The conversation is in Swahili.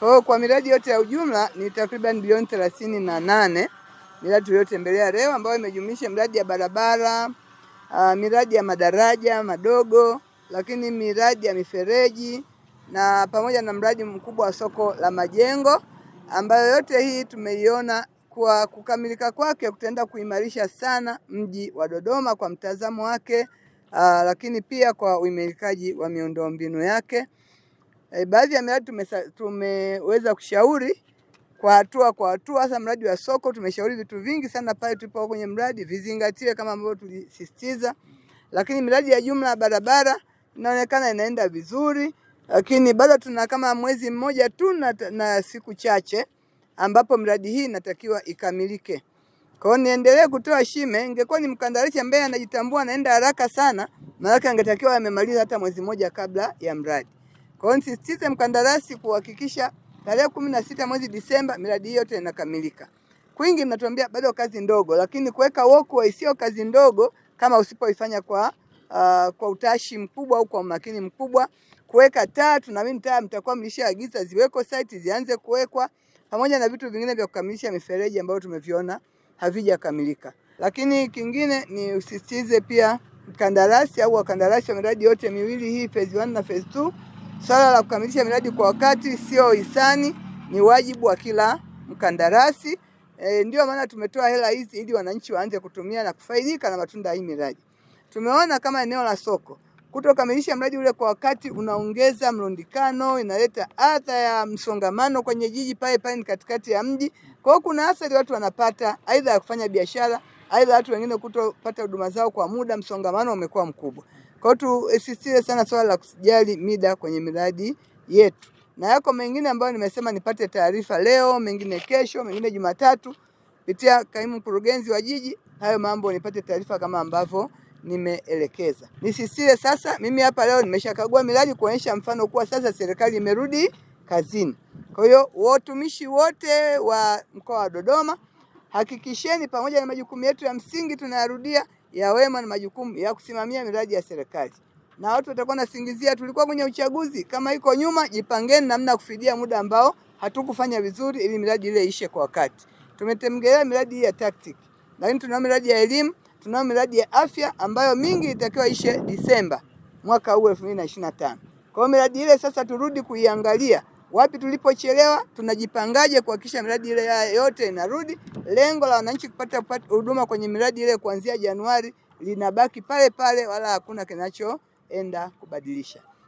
Kwa hiyo kwa miradi yote ya ujumla ni takriban bilioni thelathini na nane miradi tuliyotembelea leo ambayo imejumuisha miradi ya barabara uh, miradi ya madaraja madogo, lakini miradi ya mifereji na pamoja na mradi mkubwa wa soko la majengo, ambayo yote hii tumeiona kwa kukamilika kwake kutaenda kuimarisha sana mji wa Dodoma kwa mtazamo wake, uh, lakini pia kwa uimarikaji wa miundombinu yake. E, baadhi ya miradi tumeweza kushauri kwa hatua kwa hatua. Hasa mradi wa soko tumeshauri vitu vingi sana pale tulipo kwenye mradi vizingatiwe kama ambavyo tulisisitiza, lakini miradi ya jumla ya barabara inaonekana inaenda vizuri, lakini bado tuna kama mwezi mmoja tu na, na siku chache ambapo miradi hii inatakiwa ikamilike. Kwa hiyo niendelee kutoa shime. Ingekuwa ni mkandarasi ambaye anajitambua anaenda haraka sana, maanake angetakiwa amemaliza hata mwezi mmoja kabla ya mradi. Kwa hiyo nisisitize mkandarasi kuhakikisha tarehe kumi na sita mwezi Disemba miradi hii yote inakamilika. Kwingi mnatuambia bado kazi ndogo, lakini kuweka walkway sio kazi ndogo kama usipoifanya kwa uh, kwa utashi mkubwa au kwa umakini mkubwa. Kuweka taa, tunaamini taa mtakuwa mlishaagiza ziweko site, zianze kuwekwa pamoja na vitu vingine vya kukamilisha mifereji ambayo tumeviona havijakamilika. Lakini kingine ni usisitize pia mkandarasi au wakandarasi wa miradi yote miwili hii phase 1 na phase 2 Swala la kukamilisha miradi kwa wakati sio hisani, ni wajibu wa kila mkandarasi. E, ndio maana tumetoa hela hizi ili wananchi waanze kutumia na kufaidika na matunda ya hii miradi. Tumeona kama eneo la soko kutokamilisha mradi ule kwa wakati unaongeza mrundikano inaleta adha ya msongamano kwenye jiji pale pale katikati ya mji. Kwa hiyo kuna athari watu wanapata aidha ya kufanya biashara, aidha watu wengine kutopata huduma zao kwa muda, msongamano umekuwa mkubwa. Kwa hiyo tusisitize sana swala la kusijali mida kwenye miradi yetu, na yako mengine ambayo nimesema nipate taarifa leo, mengine kesho, mengine Jumatatu. Pitia kaimu mkurugenzi wa jiji, hayo mambo nipate taarifa kama ambavyo nimeelekeza. Nisisitize sasa, mimi hapa leo nimeshakagua miradi kuonyesha mfano kuwa sasa serikali imerudi kazini. Kwa hiyo watumishi wote wa mkoa wa Dodoma, hakikisheni pamoja na majukumu yetu ya msingi tunayarudia ya Wema na majukumu ya kusimamia miradi ya serikali, na watu watakuwa nasingizia tulikuwa kwenye uchaguzi. Kama iko nyuma, jipangeni namna ya kufidia muda ambao hatukufanya vizuri, ili miradi ile ishe kwa wakati. Tumetemgelea miradi hii ya tactic, lakini tunao miradi ya elimu, tunao miradi ya afya ambayo mingi itakiwa ishe Disemba mwaka huu 2025. Kwa hiyo miradi ile sasa turudi kuiangalia wapi tulipochelewa, tunajipangaje kuhakikisha miradi ile yote inarudi. Lengo la wananchi kupata huduma kwenye miradi ile kuanzia Januari linabaki pale pale, wala hakuna kinachoenda kubadilisha.